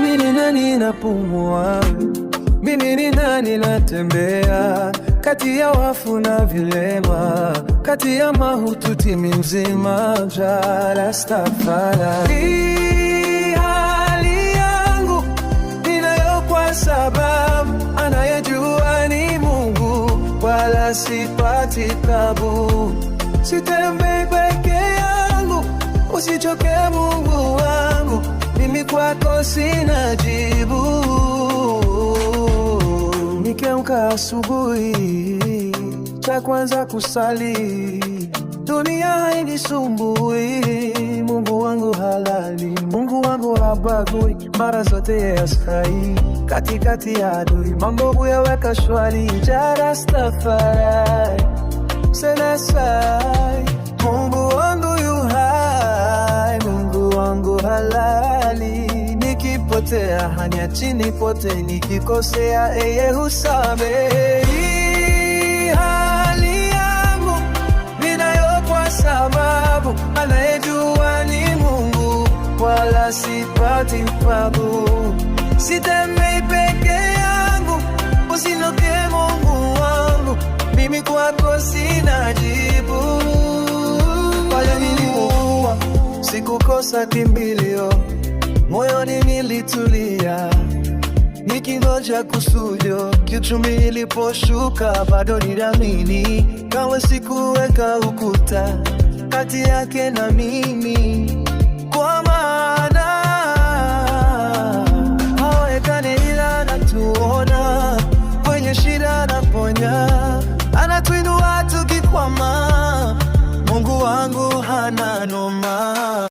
Mimi nani napumua, mimi nani natembea kati ya wafu na vilema, kati ya mahututi mzima, Rastafari wala sipati tabu. Sitembei peke yangu, usichoke Mungu wangu, mimi kwako sina jibu. Nikiamka asubuhi, cha kwanza kusali, dunia hainisumbui, Mungu wangu halali la bagui mara zote yeaskai katikati ya adui mambo huyaweka shwari jarastafari senasai Mungu wangu yuhai Mungu wangu halali nikipotea chini pote nikikosea yeye husame hali yangu sababu anaye wala sipati pabu. Sitembei peke yangu, usinoke Mungu wangu, mimi kwako sina jibu. Pale nilikuwa sikukosa kimbilio, moyoni nilitulia nikingoja kusujo. Kiuchumi iliposhuka, bado nidamini, kawe sikuweka ukuta kati yake na mimi anaponya, anatuinua tukikwama. Mungu wangu hana noma.